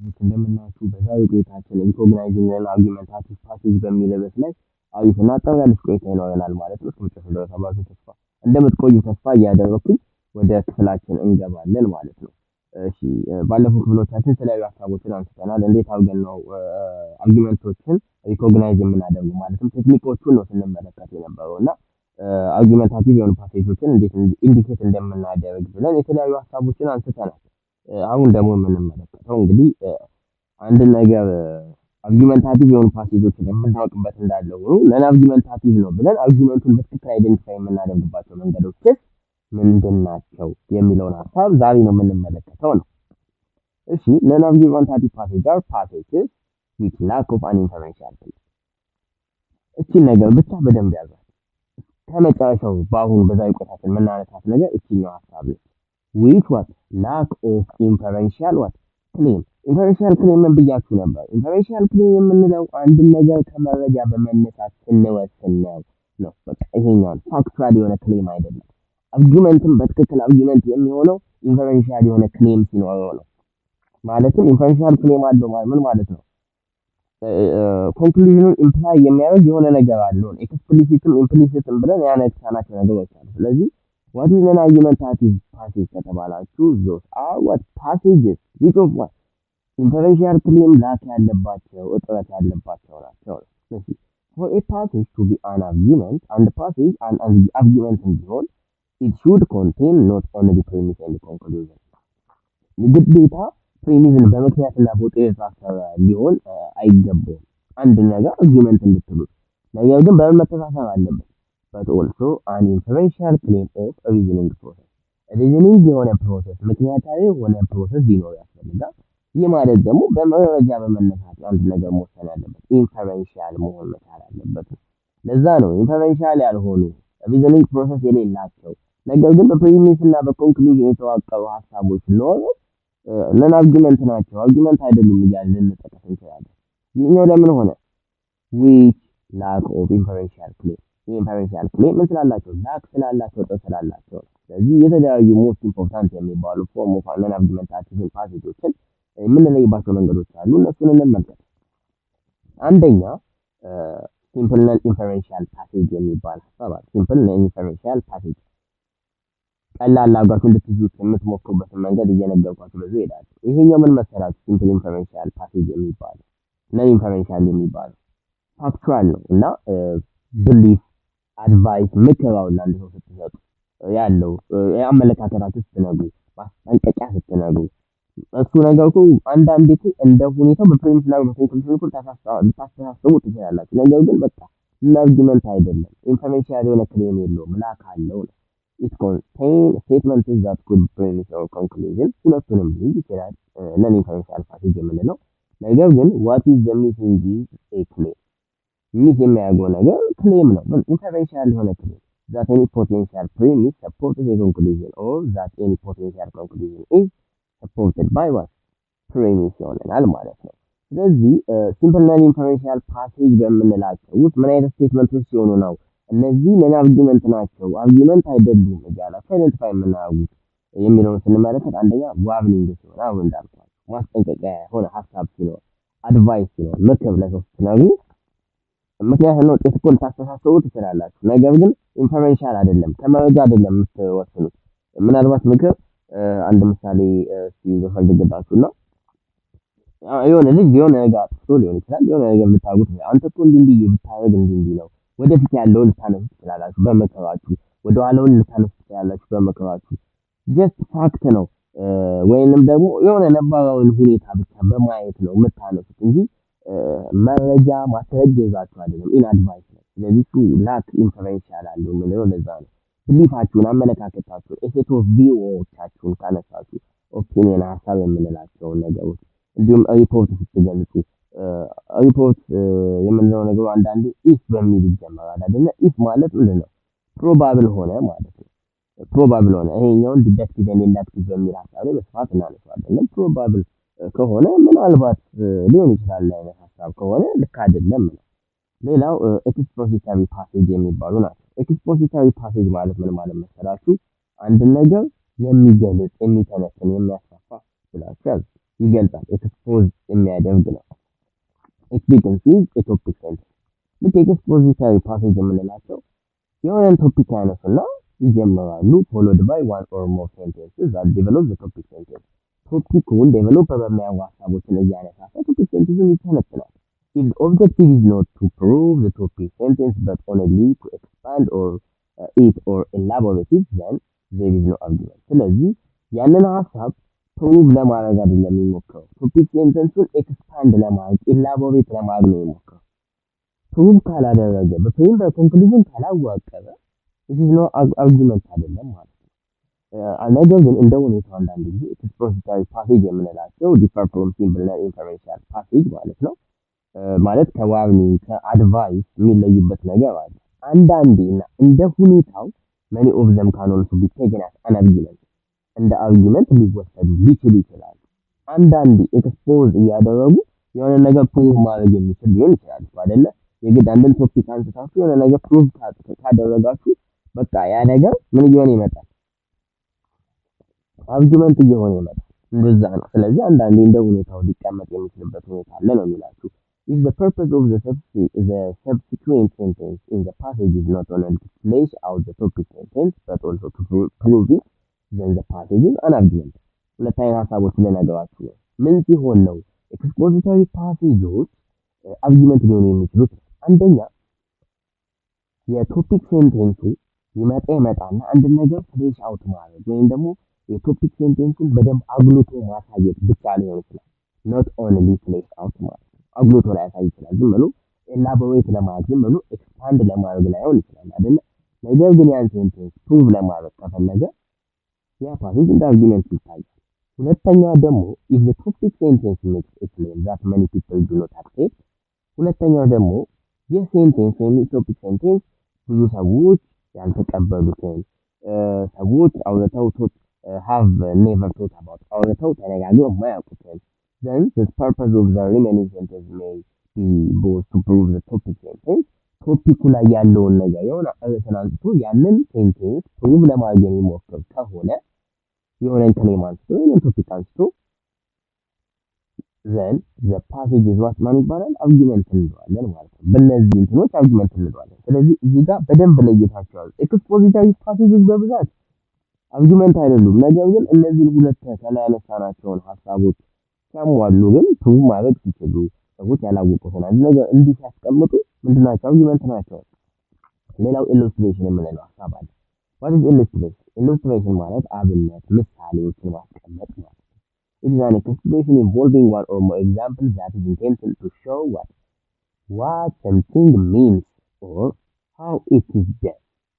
ሰዎች እንደምናችሁ በዛሬው ቆይታችን ሪኮግናይዚንግ አርጊመንታቲቭ ፓሴጅ በሚል ርዕስ ላይ አሪፍና አጠር ያለች ቆይታ ይኖረናል ማለት ነው። እስከመጨረሻ ድረስ አብራችሁ ተስፋ እንደምትቆዩ ተስፋ እያደረኩኝ ወደ ክፍላችን እንገባለን ማለት ነው። እሺ ባለፉት ክፍሎቻችን የተለያዩ ሀሳቦችን አንስተናል። እንዴት አድርገን ነው አርጊመንቶችን ሪኮግናይዝ የምናደርጉ ማለትም ቴክኒኮቹን ነው ስንመለከት የነበረው እና አርጊመንታቲቭ የሆኑ ፓሴጆችን እንዴት ኢንዲኬት እንደምናደርግ ብለን የተለያዩ ሀሳቦችን አንስተናል። አሁን ደግሞ የምንመለከተው እንግዲህ አንድ ነገር አርጊመንታቲቭ የሆኑ ፓሴጆችን የምናውቅበት እንዳለ ሆኖ ለን አርጊመንታቲቭ ነው ብለን አርጊመንቱን በትክክል አይደንቲፋይ የምናደርግባቸው መንገዶችስ ምንድን ናቸው የሚለውን ሀሳብ ዛሬ ነው የምንመለከተው ነው። እሺ ለን አርጊመንታቲቭ ፓሴጅ አር ፓሴጅስ ዊት ላክ ኦፍ አን ኢንፈርሜሽን እቺን ነገር ብቻ በደንብ ያዛል። ከመጨረሻው በአሁኑ በዛ ይቆታትን የምናነሳት ነገር እቺኛው ሀሳብ ነው። ዊች ዋት ላክ ኦፍ ኢንፈረንሻል ዋት ክሌም ኢንፈረንሻል ክሌም ብያችሁ ነበር። ኢንፈረንሻል ክሌም የምንለው አንድን ነገር ከመረጃ በመነሳት ስንወስን ነው ነው። በቃ ይሄኛው ፋክቹዋል የሆነ ክሌም አይደለም። አርጊመንትም በትክክል አርጊመንት የሚሆነው ኢንፈረንሻል የሆነ ክሌም ሲኖረው ነው። ማለትም ኢንፈረንሻል ክሌም አለው ምን ማለት ነው? ኮንክሉዥኑን ኢምፕላይ የሚያደርግ የሆነ ነገር አለው። ኤክስፕሊሲትም ኢምፕሊሲትም ብለን ያነሳናቸው ነገሮች አሉ። ስለዚህ What is an argumentative passage at Abala? Choose those. Are what passages? Because what? Inferential claim that had the bachelor, what had the bachelor at all. see. For a passage to be an argument, and the passage, and as the argument in the beyond, it should contain not only the premise and the conclusion. The good data, premise and the premise are factor beyond, uh, uh, I get born. And the argument and the truth. Now you have the better method of but also an inferential claim of a reasoning process. ሪዝኒንግ የሆነ ፕሮሰስ ምክንያታዊ የሆነ ፕሮሰስ ሊኖር ያስፈልጋል። ይህ ማለት ደግሞ በመረጃ በመነሳት አንድ ነገር መወሰን ያለበት ኢንፈረንሻል መሆን መቻል አለበት። ለዛ ነው ኢንፈረንሻል ያልሆኑ ሪዝኒንግ ፕሮሰስ የሌላቸው ነገር ግን በፕሪሚስ እና በኮንክሉዥን የተዋቀሩ ሀሳቦች ስለሆኑ ለን አርጊመንት ናቸው አርጊመንት አይደሉም እያለ ልንጠቀስ እንችላለን። ይህኛው ለምን ሆነ? ዊች ላክ ኦፍ ኢንፈረንሻል ክሌም ይህን ፔሬንት ምን ስላላቸው ላክ ስላላቸው ጥር ስላላቸው ነው። ስለዚህ የተለያዩ ሞስት ኢምፖርታንት የሚባሉ ፎርም ኦፍ ነን አርጊመንታቲቭ ፓሴጆችን የምንለይባቸው መንገዶች አሉ። እነሱን እንመልከት። አንደኛ ሲምፕል ነን ኢንፈረንሻል ፓሴጅ የሚባል ሀሳብ አለ። ሲምፕል ነን ኢንፈረንሻል ፓሴጅ ቀላል አድርጋችሁ እንድትይዙት የምትሞክሩበትን መንገድ እየነገርኳችሁ ብዙ ይሄዳል። ይሄኛው ምን መሰላችሁ? ሲምፕል ኢንፈረንሻል ፓሴጅ የሚባለው ነን ኢንፈረንሻል የሚባለው ፋክቹዋል ነው እና ብሊፍ አድቫይስ ምክር አሁን ለአንድ ሰው ስትሰጡ ያለው አመለካከታችሁ ስትነግሩ፣ ማስጠንቀቂያ ስትነግሩ እሱ ነገር እኮ አንዳንዴ እኮ እንደ ሁኔታው ላይ በቴክኒክ እኮ ልታስተሳስቡ ትችላላችሁ። ነገር ግን በቃ አርጊመንት አይደለም፣ ኢንፈርሜንሻል የሆነ ክሌም የለውም። ላክ አለው ነው ኢትኮንቴን ስቴትመንት ዛት ኩድ ፕሪንስ ኦር ኮንክሉዥን ሁለቱንም ሊይዝ ይችላል። ነን ኢንፈርሜንሻል ፓሴጅ የምንለው ነገር ግን ዋት ኢዝ ዘ ሚሲንግ ኢዝ ኤ ክሌም ይህ የሚያጎው ነገር ክሌም ነው። ኢንተርቬንሽናል የሆነ ክሌም ዛት ኤኒ ፖቴንሻል ፕሪሚስ ሰፖርትድ ኤ ኮንክሉዥን ኦር ዛት ኤኒ ፖቴንሻል ኮንክሉዥን ኢዝ ሰፖርትድ ባይ ዋት ፕሪሚስ ይሆነናል ማለት ነው። ስለዚህ ሲምፕል ናን ኢንፈረንሻል ፓሴጅ በምንላቸው ውስጥ ምን አይነት ስቴትመንቶች ሲሆኑ ነው እነዚህ ምን አርጊመንት ናቸው አርጊመንት አይደሉም እያላቸው አይደንቲፋይ የምናደርጉት የሚለውን ስንመለከት አንደኛ ዋርኒንግ ሲሆን አሁን እንዳልኳቸው ማስጠንቀቂያ የሆነ ሀሳብ ሲኖር፣ አድቫይስ ሲኖር፣ ምክር ለሰው ስትነግሩ ምክንያት ነው ውጤት እኮ ልታስተሳስቡ ትችላላችሁ። ነገር ግን ኢንፈረንሻል አይደለም፣ ከመረጃ አይደለም የምትወስኑት። ምናልባት ምክር አንድ ምሳሌ እስቲ በፈልግላችሁና የሆነ ልጅ የሆነ ነገር አጥፍቶ ሊሆን ይችላል። የሆነ ነገር ብታጉት አንተ እኮ እንዲህ እንዲህ ብታደርግ እንዲህ እንዲህ ነው። ወደፊት ያለውን ልታነሱ ትችላላችሁ በመከራችሁ፣ ወደኋላውን ልታነሱ ትችላላችሁ በመከራችሁ። ጀስት ፋክት ነው ወይንም ደግሞ የሆነ ነባራውን ሁኔታ ብቻ በማየት ነው የምታነሱት እንጂ መረጃ ማስረጃ ይዛችሁ አይደለም፣ ኢን አድቫንስ ነው። ስለዚህ እሱ ላክ ኢንፈረንሻል አለው የምንለው ለዛ ነው። ብሊፋችሁን፣ አመለካከታችሁን፣ ኦፍ ቪዎቻችሁን ካነሳችሁ ኦፒኒየን፣ ሀሳብ የምንላቸውን ነገሮች እንዲሁም ሪፖርት ስትገልጹ ሪፖርት የምንለው ነገሩ አንዳንዴ ኢፍ በሚል ይጀመራል አይደለ? ኢፍ ማለት ምንድን ነው? ፕሮባብል ሆነ ማለት ነው። ፕሮባብል ሆነ ይሄኛውን ዲደክቲቭ ኤንድ ኢንዳክቲቭ በሚል ሀሳብ ላይ በስፋት እናነሳዋለን። ፕሮባብል ከሆነ ምናልባት ሊሆን ይችላል አይነት ሀሳብ ከሆነ ልክ አይደለም ነው። ሌላው ኤክስፖዚታዊ ፓሴጅ የሚባሉ ናቸው። ኤክስፖዚታዊ ፓሴጅ ማለት ምን ማለት መሰላችሁ? አንድ ነገር የሚገልጽ የሚተነትን፣ የሚያስፋፋ ብላችሁ ያዙ። ይገልጻል ኤክስፖዝ የሚያደርግ ነው። ኤክስፒሪንስ የቶፒክ ሴንስ ልክ ኤክስፖዚታዊ ፓሴጅ የምንላቸው የሆነን ቶፒክ ያነሱና ይጀምራሉ ፎሎድ ባይ ዋን ኦር ሞር ሴንቴንስ ዛት ዲቨሎፕ ቶፒክ ሴንቴንስ technical developer Mewa Sabotelejane Scientific scientifically connected. objective is not to prove the topic sentence but only to expand or uh, it or elaborate it, then there is no argument. ስለዚህ ያንን ሀሳብ ፕሩቭ ለማድረግ አይደለም የሚሞክረው ቶፒክ ሴንተንሱን ኤክስፓንድ ለማድረግ argument. ለማድረግ ነው የሚሞክረው። ፕሩቭ ካላደረገ በፕሪም በኮንክሉዥን ካላዋቀበ ይህ ነው አርጉመንት አይደለም ማለት ነገር ግን እንደ ሁኔታው አንዳንድ ጊዜ ኤክስፖዚታሪ ፓሴጅ የምንላቸው ዲፈር ፍሮም ሲምፕለር ኢንፈረንሻል ፓኬጅ ማለት ነው። ማለት ከዋርኒንግ ከአድቫይስ የሚለዩበት ነገር አለ። አንዳንዴ እና እንደ ሁኔታው መኒ ኦፍ ዘም ካኖን ቱ ቢቴግናት አን አርጊመንት እንደ አርጊመንት ሊወሰዱ ሊችሉ ይችላሉ። አንዳንዴ ኤክስፖዝ እያደረጉ የሆነ ነገር ፕሩቭ ማድረግ የሚችል ሊሆን ይችላል አይደለ? የግድ አንድን ቶፒክ አንስታችሁ የሆነ ነገር ፕሩቭ ካደረጋችሁ በቃ ያ ነገር ምን እየሆነ ይመጣል አርጊመንት እየሆነ ይመጣል። እንደዛ ነው። ስለዚህ አንዳንዴ እንደ ሁኔታው ሊቀመጥ የሚችልበት ሁኔታ አለ ነው የሚላችሁ። if the purpose of the, subs- the subsequent sentence in the passage is not only to flesh out the topic sentence but also to prove it, then the passage is an argument. ሁለት ሀሳቦች ልነግራችሁ ነው። ምን ሲሆን ነው ኤክስፖዚታዊ ፓሴጆች አርጊመንት ሊሆኑ የሚችሉት? አንደኛ የቶፒክ ሴንቴንሱ ይመጣ ይመጣና አንድ ነገር ፍሌሽ አውት ማድረግ ወይም ደግሞ የቶፒክ ሴንቴንስን በደንብ አጉልቶ ማሳየት ብቻ ሊሆን ይችላል። ኖት ኦንሊ ፕሌስ አውት ማለት ነው። አጉልቶ ላይ ያሳይ ይችላል። ዝም ብሎ ኤላቦሬት ለማድረግ ዝም ብሎ ኤክስፓንድ ለማድረግ ላይሆን ይችላል አይደለ። ነገር ግን ያን ሴንቴንስ ፕሩቭ ለማድረግ ከፈለገ ያ ፓሴጅ እንደ አርጊመንት ይታያል። ሁለተኛ ደግሞ ኢፍ ዘ ቶፒክ ሴንቴንስ ሜክስ ኤክስፕሌን ዛት መኒ ፒፕል ዱ ኖት አክሴፕት። ሁለተኛው ደግሞ ይህ ሴንቴንስ ወይም የቶፒክ ሴንቴንስ ብዙ ሰዎች ያልተቀበሉትን ሰዎች አውጥተው ሃቭ ኔቨር ቶት አባውት አውርተው ተነጋግረው የማያውቁትን ዘን ፐርፐዝ ኦፍ ዘ ሪሜኒንግ ሴንተንስ ሜይ ቢ ቦዝ ቱ ፕሩቭ ዘ ቶፒክ ሴንተንስ ቶፒኩ ላይ ያለውን ነገር የሆነ ርዕስን አንስቶ ያንን ሴንቴንስ ፕሩቭ ለማድረግ የሚሞክር ከሆነ የሆነ ክሌም አንስቶ የሆነን ቶፒክ አንስቶ ዘን ዘ ፓሴጅ ዝዋት ማን ይባላል አርጊመንት እንለዋለን ማለት ነው። በእነዚህ እንትኖች አርጊመንት እንለዋለን። ስለዚህ እዚህ ጋር በደንብ ለይታቸዋል። ኤክስፖዚታዊ ፓሴጆች በብዛት አርጊመንት አይደሉም። ነገር ግን እነዚህን ሁለት ከላይ ያነሳናቸውን ሀሳቦች ሲያሟሉ ግን ፕሩቭ ማድረግ ሲችሉ ሰዎች ያላወቁትን አንድ ነገር እንዲህ ሲያስቀምጡ ምንድን ናቸው? አርጊመንት ናቸው። ሌላው ኢሉስትሬሽን የምንለው ሀሳብ አለ። ዋት ኢዝ ኢሉስትሬሽን? ኢሉስትሬሽን ማለት አብነት ምሳሌዎችን ማስቀመጥ ማለት ነው። ኢዝ አን ኤክስፕሬሽን ኢንቮልቪንግ ዋን ኦር ሞር ኤግዛምፕል ዛት ኢዝ ኢንቴንትድ ቱ ሾው ዋት ዋት ሰምቲንግ ሚንስ ኦር ሃው ኢት ኢዝ ደን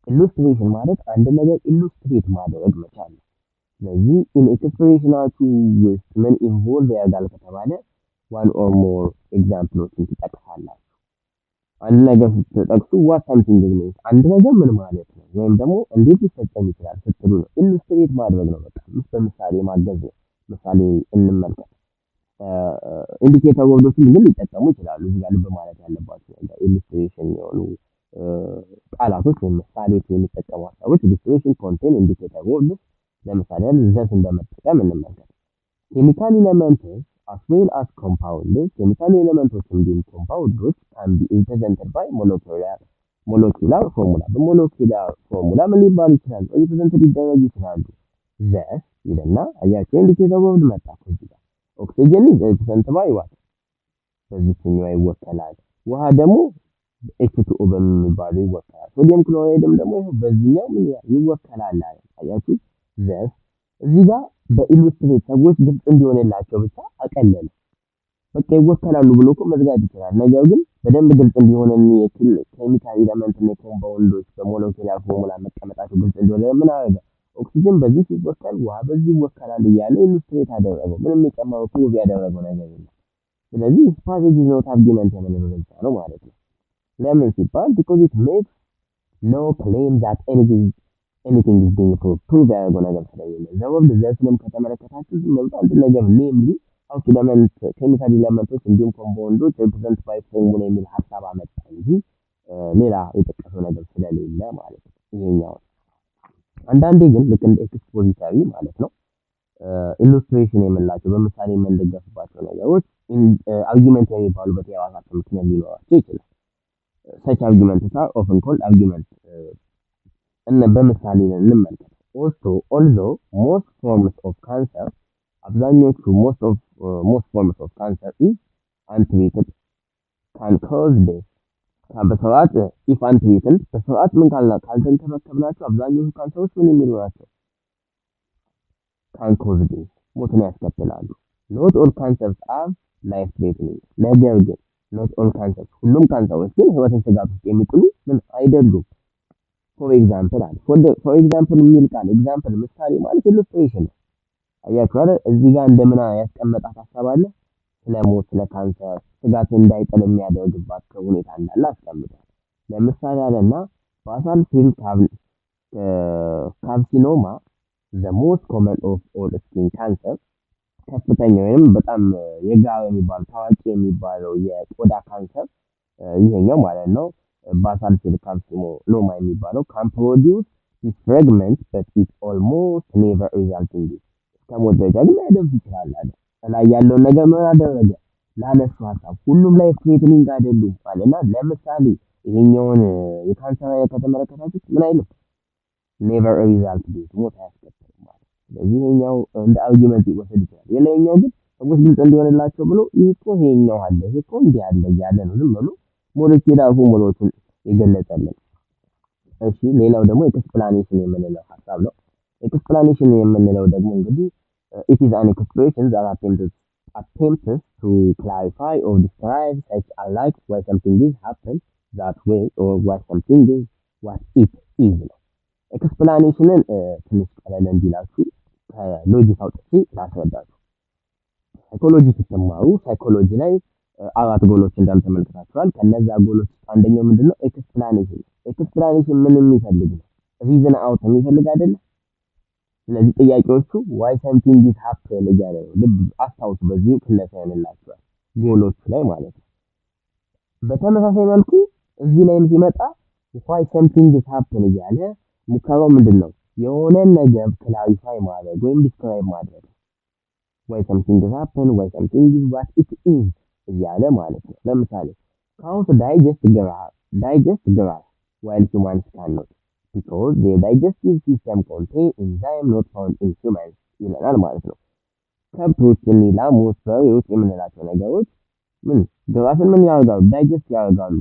ኢሉስትሬሽን ማለት አንድ ነገር ኢሉስትሬት ማድረግ መቻል ነው። ስለዚህ ኢንኤክስፕሬሽናቹ ውስጥ ምን ኢንቮልቭ ያደርጋል ከተባለ ዋን ኦር ሞር ኤግዛምፕሎችን ትጠቅሳላችሁ። አንድ ነገር ስትጠቅሱ ዋት ሳምቲንግ ሚንስ አንድ ነገር ምን ማለት ነው ወይም ደግሞ እንዴት ሊፈጸም ይችላል ስትሉ ነው። ኢሉስትሬት ማድረግ ነው፣ በቃ በምሳሌ ማገዝ ነው። ምሳሌ እንመልከት። ኢንዲኬተር ወርዶችን ግን ሊጠቀሙ ይችላሉ። እዚህ ጋር ልብ ማለት ያለባቸው ኢሉስትሬሽን የሆኑ ቃላቶች ወይም ምሳሌዎች የሚጠቀሙ ሀሳቦች ዲስቲንሽን ኮንቴን ኢንዲኬተር ወርድ ለምሳሌ ዘት እንደመጠቀም እንመልከት። ኬሚካል ኤሌመንቶች አስ ዌል አስ ኮምፓውንድ ኬሚካል ኤሌመንቶች እንዲሁም ኮምፓውንዶች ካን ቢ ሪፕሬዘንትድ ባይ ሞለኪላር ሞለኪላር ፎርሙላ በሞለኪላር ፎርሙላ ምን ሊባሉ ይችላሉ? ሪፕሬዘንትድ ሊደረጉ ይችላሉ። ዘስ ይልና አያቸው ኢንዲኬተር ወርድ መጣ ከዚህ ጋር ኦክሲጅን ሪፕሬዘንት ባይ ዋት በዚህ በዚህኛው ይወከላል። ውሃ ደግሞ ኤችቱኦ በሚባለው ይወከላል። ሶዲየም ክሎራይድም ደግሞ በዚህኛው ምን ይወከላል አለ። አያችሁ ዘስ እዚህ ጋር በኢሉስትሬት ሰዎች ግልጽ እንዲሆንላቸው ብቻ አቀለለ። በቃ ይወከላሉ ብሎ እኮ መዝጋት ይችላል። ነገር ግን በደንብ ግልጽ እንዲሆን ኬሚካል ኤለመንት እና ኮምፓውንዶች በሞለኪውላር ፎርሙላ መቀመጣቸው ግልጽ እንዲሆን ምን አደረገ? ኦክሲጅን በዚህ ሲወከል ውሃ በዚህ ይወከላል እያለ ኢሉስትሬት አደረገው። ምንም የጨመረው ውብ ያደረገው ነገር የለም። ስለዚህ ስፓዜጅ ኖት አርጊመንት የምንለው ነው ማለት ነው። ለምን ሲባል ቢኮዝ ኢት ሜክስ ኖ ክሌም ዛት ኤኒቲንግ ኤኒቲንግ ኢዝ ቢንግ ፕሩቭ ፕሩቭ ያደረገው ነገር ስለሌለ ዘወርልድ ዘፊልም ከተመለከታችሁ ዝም ብሎ አንድ ነገር ኔምሊ ሀውስ ለመንት ኬሚካል ኢለመንቶች እንዲሁም ኮምፓውንዶች ሪፕሬዘንት ባይ ፎርሙላ የሚል ሀሳብ አመጣ እንጂ ሌላ የጠቀሰው ነገር ስለሌለ ማለት ነው። ይሄኛውን አንዳንዴ ግን ልክ እንደ ኤክስፖዚታዊ ማለት ነው ኢሉስትሬሽን የምንላቸው በምሳሌ የምንደገፍባቸው ነገሮች አርጊመንት የሚባሉበት የራሳቸው ምክንያት ሊኖራቸው ይችላል። ሰች አርጊመንትስ አር ኦፍን ኮልድ አርጊመንት እነ በምሳሌ እንመልከት። ኦልሶ ኦልዞ ሞስት ፎርምስ ኦፍ ካንሰር አብዛኞቹ ሞስት ፎርምስ ኦፍ ካንሰር ኢፍ አንትሪትድ ካን ኮዝ ዴት በስርዓት ኢፍ አንትሪትድ በስርዓት ምን ካልተንከባከብናቸው አብዛኞቹ ካንሰሮች ምን የሚሉ ናቸው? ካን ኮዝ ዴት ሞትን ያስከትላሉ። ኖት ኦል ካንሰርስ አር ላይፍ ትሬትኒንግ ነገር ግን ኖት ኦል ካንሰሮች ሁሉም ካንሰሮች ግን ህይወትን ስጋት ውስጥ የሚጥሉ ምን አይደሉም። ፎር ኤግዛምፕል አለ ፎር ኤግዛምፕል የሚል ቃል ኤግዛምፕል ምሳሌ ማለት ኢሉስትሬሽን ነው። አያችሁ አይደል? እዚህ ጋር እንደምን ያስቀመጣት ሀሳብ አለ ስለ ሞት፣ ስለ ካንሰር ስጋት እንዳይጥል የሚያደርግባት ሁኔታ እንዳለ አስቀምጧል። ለምሳሌ አለና ባሳል ሴል ካርሲኖማ ዘ ሞስት ኮመን ኦፍ ኦል ስኪን ካንሰር ከፍተኛ ወይም በጣም የጋለ የሚባል ታዋቂ የሚባለው የቆዳ ካንሰር ይሄኛው ማለት ነው። ባሳል ሴል ካርሲኖማ የሚባለው ካን ፕሮዲውስ ዲስ ፍራግመንት በት ኢት ኦልሞስት ኔቨር ሪዛልቲንግ እንዲ እስከ ሞት ደረጃ ግን ያደርስ ይችላል አለ። ከላይ ያለውን ነገር ምን አደረገ? ላነሱ ሀሳብ ሁሉም ላይ ስትሬትኒንግ አይደሉም ይባል እና ለምሳሌ ይሄኛውን የካንሰር ከተመለከታችሁ ምን አይልም ኔቨር ሪዛልት ሞት አያስከትልም ማለት ስለዚህ ይሄኛው እንደ አርጊመንት ይወሰድ ይችላል። የላይኛው ግን ሰዎች ግልጽ እንዲሆንላቸው ብሎ ይሄ እኮ ይሄኛው አለ ይሄ እኮ እንዲህ አለ እያለ ነው ዝም ብሎ ሞዴል ሞለኪውላር ሆሞሎጂን የገለጸልን። እሺ ሌላው ደግሞ ኤክስፕላኔሽን የምንለው ሀሳብ ነው። ኤክስፕላኔሽን የምንለው ደግሞ እንግዲህ ኢት ኢዝ አን ኤክስፕሬሽን ዛት አቴምፕትስ አቴምፕትስ ቱ ክላሪፋይ ኦር ዲስክራይብ ሰች አ ላይክ ዋይ ሰምቲንግ ኢዝ ሃፕን ዛት ዌይ ኦር ዋይ ሰምቲንግ ኢዝ ዋት ኢት ኢዝ ነው። ኤክስፕላኔሽንን ትንሽ ቀለል እንዲላችሁ ከሎጂክ አውጥቼ ላስረዳችሁ። ሳይኮሎጂ ስትማሩ ሳይኮሎጂ ላይ አራት ጎሎች እንዳሉ ተመልክታችኋል። ከነዛ ጎሎች ውስጥ አንደኛው ምንድነው? ኤክስፕላኔሽን። ኤክስፕላኔሽን ምን የሚፈልግ ነው? ሪዝን አውት የሚፈልግ አይደለ? ስለዚህ ጥያቄዎቹ ዋይ ሰምቲንግ ኢዝ ሃፕን እያለ ነው። ልብ አስታውሱ፣ በዚሁ ክለሳ ያንላችኋል ጎሎቹ ላይ ማለት ነው። በተመሳሳይ መልኩ እዚህ ላይም ሲመጣ ዋይ ሰምቲንግ ኢዝ ሃፕን እያለ ሙከራው ምንድን ነው የሆነን ነገር ክላሪፋይ ማድረግ ወይም ዲስክራይብ ማድረግ ወይ ሰምቲንግ ሃፕን ወይ ሰምቲንግ ኢዝ ዋት ኢት ኢዝ እያለ ማለት ነው። ለምሳሌ ካውንት ዳይጀስት ግራስ ዳይጀስት ግራስ ዋይል ሂውማንስ ካንኖት ቢኮዝ ዜር ዳይጀስቲቭ ሲስተም ኮንቴን ኤንዛይም ኖት ፋውንድ ኢን ሂውማንስ ይለናል ማለት ነው። ከብቶች፣ ሞስተር በሬዎች የምንላቸው ነገሮች ምን ግራስን ምን ያደርጋሉ? ዳይጀስት ያደርጋሉ።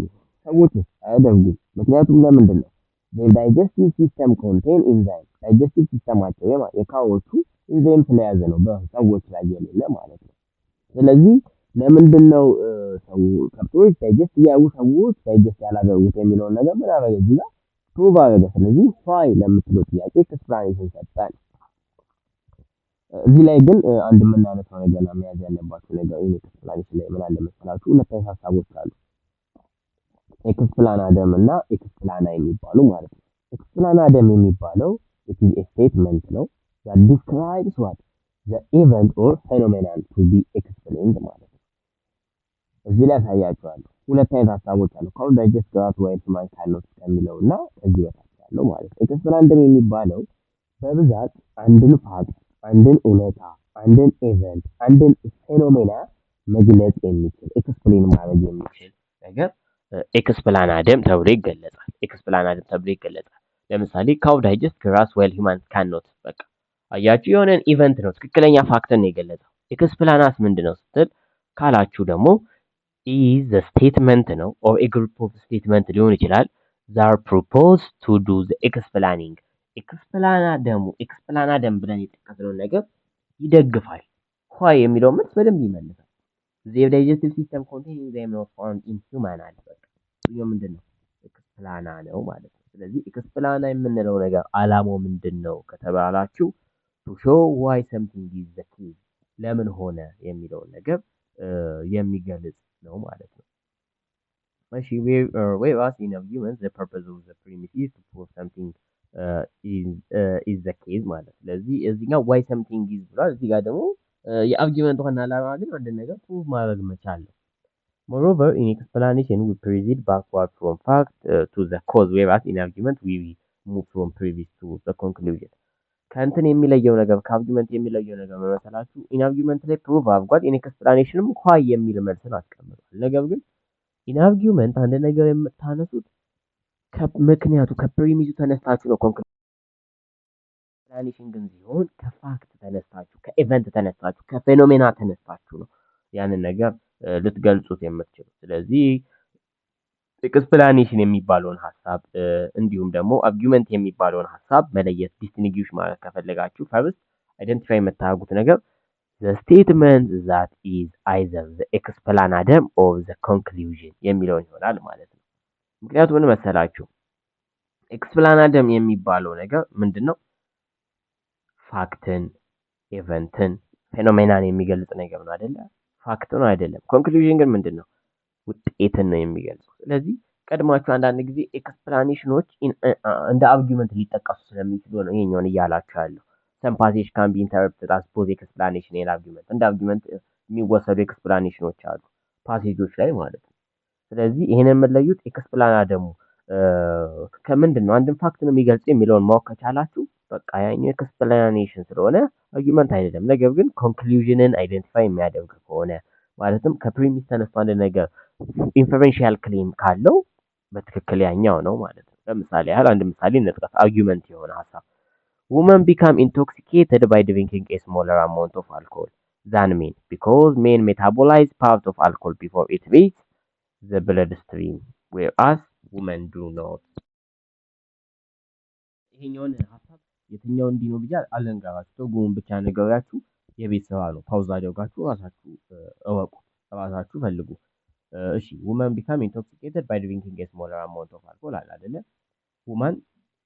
ሰዎች አያደርጉም። ምክንያቱም ለምንድን ነው Their digestive system contain enzyme ዳይጀስቲቭ ሲስተማቸው የካዎቹ ኢንዛይም ስለያዘ ነው በሰዎች ላይ የሌለ ማለት ነው። ስለዚህ ለምንድን ነው ከብቶች ዳይጀስት እያደረጉ ሰዎች ዳይጀስት ያላደረጉት የሚለውን ነገር ምን አደረገ እዚህ ጋር ፕሩቭ አደረገ። ስለዚህ ዋይ ለምትለው ጥያቄ ኤክስፕላኔሽን ሰጠን። እዚህ ላይ ግን አንድ የምናነሳው ነገር መያዝ ያለባቸው ነገር ኤክስፕላኔሽን ላይ ምን አለ መሰላችሁ ሁለት አይነት ሀሳቦች አሉ። ኤክስፕላን አደም እና ኤክስፕላና የሚባሉ ማለት ነው። ኤክስፕላን አደም የሚባለው ስቴትመንት ነው ዛት ዲስክራይብስ ዋት ዘ ኢቨንት ኦር ፌኖሜናል ቱ ቢ ኤክስፕሌንድ ማለት ነው። እዚህ ላይ ያሳያቸዋለሁ። ሁለት አይነት ሀሳቦች አሉ። ካሁ ዳይጀስት ግራት ዋይት ማን ካኖት ከሚለው እና እዚህ በታች ያለው ማለት ነው። ኤክስፕላንድም የሚባለው በብዛት አንድን ፋክት፣ አንድን እውነታ፣ አንድን ኢቨንት፣ አንድን ፌኖሜና መግለጽ የሚችል ኤክስፕሌን ማድረግ የሚችል ነገር ኤክስፕላናደም ተብሎ ይገለጻል። ኤክስፕላናደም ተብሎ ይገለጻል። ለምሳሌ ካው ዳይጀስት ግራስ ዌል ሂማንስ ኖት በቃ አያችሁ፣ የሆነን ኢቨንት ነው ትክክለኛ ፋክተር ነው የገለጸው። ኤክስፕላናት ምንድን ነው ስትል ካላችሁ ደግሞ ኢዝ ስቴትመንት ነው ኦር ኤ ግሩፕ ኦፍ ስቴትመንት ሊሆን ይችላል። ዛር ፕሮፖዝ ቱ ዱ ዘ ኤክስፕላኒንግ ኤክስፕላና ደሙ ኤክስፕላና ደም ብለን የጠቀስነውን ነገር ይደግፋል። ኋይ የሚለው መልስ በደንብ ይመልሳል። The digestive system contains enzymes not found in human አለ በቃ ይሄ ምንድን ነው ኤክስፕላና ነው ማለት ነው። ስለዚህ ኤክስፕላና የምንለው ነገር አላማው ምንድን ነው ከተባላችሁ ቱ ሾው ዋይ ሰምቲንግ ኢዝ ዘ ኬዝ ለምን ሆነ የሚለውን ነገር የሚገልጽ ነው ማለት ነው። እሺ ዌራስ ኢን ሂውመንስ ዘ ፐርፐዝ ኦፍ ዘ ፕሪሚቲቭ ቱ ፕሩቭ ሰምቲንግ ኢዝ ዘ ኬዝ ማለት ስለዚህ እዚህ ጋር ዋይ ሰምቲንግ ኢዝ ብሏል። እዚህ ጋር ደግሞ የአርጊመንት ዋና አላማ ግን አንድ ነገር ፕሩቭ ማድረግ መቻል ነው። ሞሮቨር ኢን ኤክስፕላኔሽን ዊ ፕሪዚድ ባክዋርድ ፍሮም ፋክት ቱ ዘ ኮዝ ዌራስ ኢን አርጊመንት ዊ ሙቭ ፍሮም ፕሪቪስ ቱ ዘ ኮንክሉዥን። ከእንትን የሚለየው ነገር ከአርጊመንት የሚለየው ነገር መመሰላችሁ ኢን አርጊመንት ላይ ፕሩቭ አድርጓል፣ ኢን ኤክስፕላኔሽንም ኳይ የሚል መልስን አስቀምጧል። ነገር ግን ኢን አርጊመንት አንድ ነገር የምታነሱት ከምክንያቱ ከፕሪሚሱ ተነስታችሁ ነው ኮንክሉ ፕላኔሽንግም ሲሆን ከፋክት ተነስታችሁ ከኢቨንት ተነሳችሁ፣ ከፌኖሜና ተነስታችሁ ነው ያንን ነገር ልትገልጹት የምትችሉ። ስለዚህ ኤክስፕላኔሽን የሚባለውን ሀሳብ እንዲሁም ደግሞ አርጊመንት የሚባለውን ሀሳብ መለየት ዲስቲንጊሽ ማለት ከፈለጋችሁ ፈርስት አይደንቲፋይ የምታደርጉት ነገር ዘ ስቴትመንት ዛት ኢዝ አይዘር ዘ ኤክስፕላናደም ኦር ዘ ኮንክሉዥን የሚለውን ይሆናል ማለት ነው። ምክንያቱም ምን መሰላችሁ ኤክስፕላናደም የሚባለው ነገር ምንድን ነው? ፋክትን፣ ኢቨንትን፣ ፌኖሜናን የሚገልጽ ነገር ነው አይደለ? ፋክት ነው አይደለም። ኮንክሉዥን ግን ምንድን ነው? ውጤትን ነው የሚገልጸው። ስለዚህ ቀድማችሁ አንዳንድ ጊዜ ኤክስፕላኔሽኖች እንደ አርጊመንት ሊጠቀሱ ስለሚችሉ ነው ይሄኛውን እያላችሁ ያለው። ሰም ካን ቢ ኢንተርፕትድ አስ ቦዝ ኤክስፕላኔሽን ኤን አርጊመንት። እንደ አርጊመንት የሚወሰዱ ኤክስፕላኔሽኖች አሉ ፓሴጆች ላይ ማለት ነው። ስለዚህ ይህንን የምለዩት ኤክስፕላና ደግሞ ከምንድን ነው አንድን ፋክት ነው የሚገልጽ የሚለውን ማወቅ ከቻላችሁ በቃ ያኛው ኤክስፕላኔሽን ስለሆነ አርጊመንት አይደለም። ነገር ግን ኮንክሉዥንን አይደንቲፋይ የሚያደርግ ከሆነ ማለትም ከፕሪሚስ ተነስቶ አንድ ነገር ኢንፈረንሺያል ክሌም ካለው በትክክል ያኛው ነው ማለት ነው። ለምሳሌ ያህል አንድ ምሳሌ እንጥቀስ። አርጊመንት የሆነ ሀሳብ ውመን ቢካም ኢንቶክሲኬትድ ባይ ድሪንኪንግ ኤ ስሞለር አማውንት ኦፍ አልኮል ዛን ሜን ቢኮዝ ሜን ሜታቦላይዝ ፓርት ኦፍ አልኮል ቢፎር ኢት ሪች ዘ ብለድ ስትሪም ዌር አስ ውመን ዱ ኖት። ይሄኛውን ሀሳብ የትኛው እንዲህ ነው ብዬ አልነግራችሁ። ትርጉሙን ብቻ ነገሪያችሁ የቤት ስራ ነው። ፓውዝ አድርጋችሁ ራሳችሁ እወቁ፣ ራሳችሁ ፈልጉ። እሺ ውመን ቢካም ኢንቶክሲኬትድ ባይ ድሪንኪንግ ስሞለር አማውንት ኦፍ አልኮል አለ አይደለ? ውመን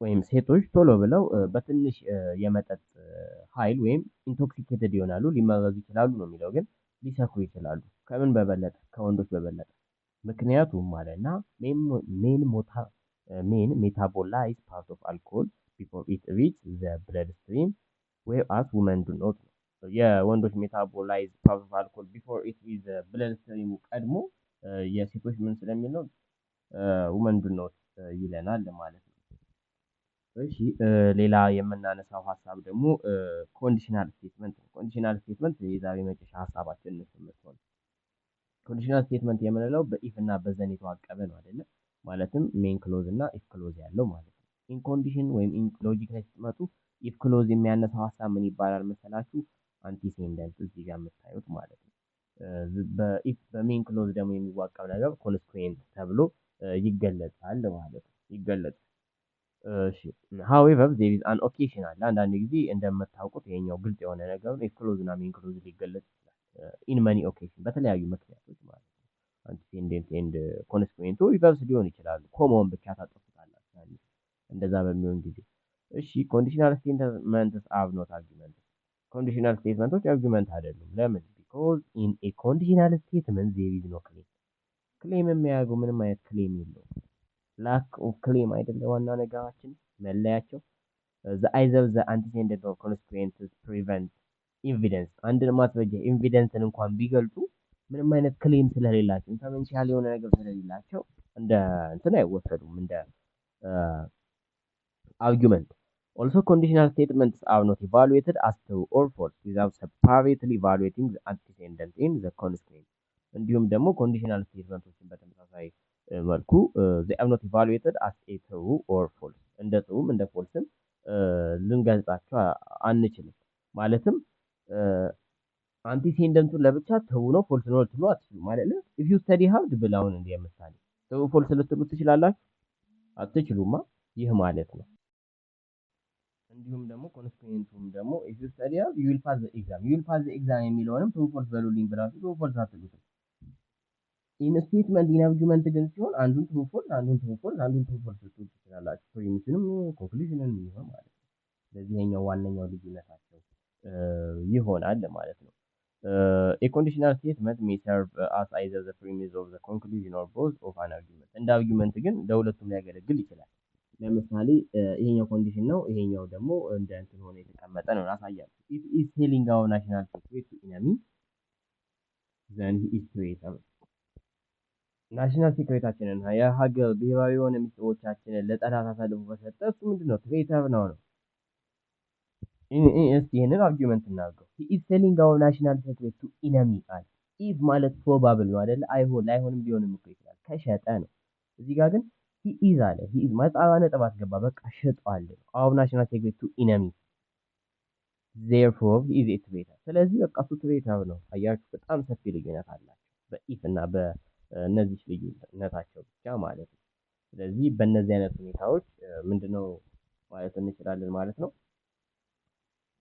ወይም ሴቶች ቶሎ ብለው በትንሽ የመጠጥ ኃይል ወይም ኢንቶክሲኬትድ ይሆናሉ፣ ሊመረዙ ይችላሉ ነው የሚለው። ግን ሊሰኩ ይችላሉ። ከምን በበለጠ ከወንዶች በበለጠ ምክንያቱም አለና ሜን ሜታቦላይዝ ፓርት ኦፍ አልኮል ፒፖል ኢት ሪች ዘ ብለድ ስትሪም ዌር አስ ውመን ዱ የወንዶች ሜታቦላይዝ ፓውዝ ኦፍ አልኮል ቢፎር ኢት ዊዝ ብለድ ስትሪሙ ቀድሞ የሴቶች ምን ስለሚል ውመን ዱ ይለናል ማለት ነው። እሺ uh, ሌላ የምናነሳው ሀሳብ ደግሞ ኮንዲሽናል uh, ስቴትመንት ነው። ኮንዲሽናል ስቴትመንት የዛሬ መጨረሻ ሀሳባችን ነው። ኮንዲሽናል ስቴትመንት የምንለው በኢፍ እና በዘን የተዋቀበ ነው አይደለም። ማለትም ሜን ክሎዝ እና ኢፍ ክሎዝ ያለው ማለት ነው። ኮንዲሽን ወይም ሎጂክ ላይ ስትመጡ ኢፍ ክሎዝ የሚያነሳው ሀሳብ ምን ይባላል መሰላችሁ? አንቲሴንደንት እዚህ ጋር የምታዩት ማለት ነው። በኢፍ በሜን ክሎዝ ደግሞ የሚዋቀብ ነገር ኮንስኩዌንት ተብሎ ይገለጻል ማለት ነው። ይገለጻል። እሺ ሀዌቨር ዜር ኢዝ አን ኦኬሽን አለ። አንዳንድ ጊዜ እንደምታውቁት ይሄኛው ግልጽ የሆነ ነገር ነው። ኢፍ ክሎዝ እና ሜን ክሎዝ ሊገለጽ ይችላል። ኢን መኒ ኦኬሽን በተለያዩ ምክንያቶች ማለት ነው። አንቲሴንደንት ኤንድ ኮንስኩዌንቱ ሪቨርስ ሊሆን ይችላሉ። ኮሞን ብቻ ታጠፉ እንደዛ በሚሆን ጊዜ እሺ ኮንዲሽናል ስቴትመንትስ አር ኖት አርጊመንት። ኮንዲሽናል ስቴትመንቶች አርጊመንት አይደሉም። ለምን? ቢኮዝ ኢን ኤ ኮንዲሽናል ስቴትመንት ዜር ኢዝ ኖ ክሌም። ክሌም የሚያደርገው ምንም አይነት ክሌም የለውም። ላክ ኦፍ ክሌም አይደለም ዋና ነገራችን መለያቸው። ዘ አይዘር ዘ አንቲሴንደንት ኦፍ ኮንስቲትዌንትስ ፕሪቨንት ኢንቪደንስ አንድን ማስረጃ ኢንቪደንስን እንኳን ቢገልጡ ምንም አይነት ክሌም ስለሌላቸው ኢንተርቨንሻል የሆነ ነገር ስለሌላቸው እንደ እንትን አይወሰዱም እንደ argument. Also, conditional statements are not evaluated as true or false without separately evaluating the antecedent in the constraint. እንዲሁም ደግሞ ኮንዲሽናል ስቴትመንቶችን በተመሳሳይ መልኩ they are not evaluated as a true or false እንደ ትሩም እንደ ፎልስም ልንገልጻቸው አንችልም። ማለትም አንቲሴንደንቱን ለብቻ ትሩ ነው ፎልስ ነው ልትሉ አትችሉም ማለት ነው። ኢፍ ዩ ስተዲ ሀርድ ብለህ አሁን እንደ ምሳሌ ትሩ ፎልስ ልትሉ ትችላላችሁ? አትችሉማ። ይህ ማለት ነው እንዲሁም ደግሞ ኮንስቲቱንቱም ደግሞ ኢፍ ዩል ፓዝ ዘ ኤግዛም ዩል ፓዝ ዘ ኤግዛም የሚለውንም ትሩ ፎልስ በሉልኝ ብላችሁ ትሩ ፎልስ አትሉትም። ኢን ስቴትመንት ኢን አርጊመንት ግን ሲሆን አንዱን ትሩ ፎልስ አንዱን ትሩ ፎልስ አንዱን ትሩ ፎልስ ልትሉ ትችላላችሁ። ፕሪሚሽንም ኮንክሉዥንም ይሆን ማለት ነው። ስለዚህ ይሄኛው ዋነኛው ልዩነታቸው uh, ይሆናል ማለት ነው። የኮንዲሽናል ስቴትመንት ሜይ ሰርቭ አስ አይዘር ዘ ፕሪሚስ ኦፍ ዘ ኮንክሉዥን ኦር ቦዝ ኦፍ አን አርጊመንት። እንደ አርጊመንት ግን ለሁለቱም ሊያገለግል ይችላል። ለምሳሌ ይሄኛው ኮንዲሽን ነው፣ ይሄኛው ደግሞ እንደ እንትን ሆኖ የተቀመጠ ነው። ላሳያችሁ። ኢት ኢዝ ቴሊንግ አወር ናሽናል ሴኩሪቲ ቱ ኢነሚ ዘን ሂ ኢዝ ትሬተር። ናሽናል ሴክሬታችንን የሀገር ብሔራዊ የሆነ ሚስጥሮቻችንን ለጠላት አሳልፎ በሰጠ እሱ ምንድን ነው? ትሬተር ነው ነው። እስቲ ይህንን አርጊመንት እናርገው። ኢዝ ቴሊንግ አወር ናሽናል ሴኩሪቲ ቱ ኢነሚ ቃል ኢዝ ማለት ፕሮባብል ነው አይደለ? አይሆን ላይሆንም ሊሆንም እኮ ይችላል። ከሸጠ ነው። እዚህ ጋር ግን ሂኢዝ አለ ሂኢዝ ማለት አባ ነጥብ አስገባ። በቃ ሽጧል። ኢነሚ ዜርፎር ሂኢዝ ስለዚህ በቃ እሱ ነው። አያችሁ በጣም ሰፊ ልዩነት አላቸው በኢፍ እና በእነዚህ ልዩነታቸው ብቻ ማለት ነው። ስለዚህ በእነዚህ አይነት ሁኔታዎች ምንድነው ማለት እንችላለን ማለት ነው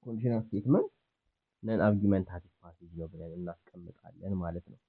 ኮንዲሽናል ስቴትመንት ነን አርጊመንታቲቭ ፓሴጅ ነው ብለን እናስቀምጣለን ማለት ነው።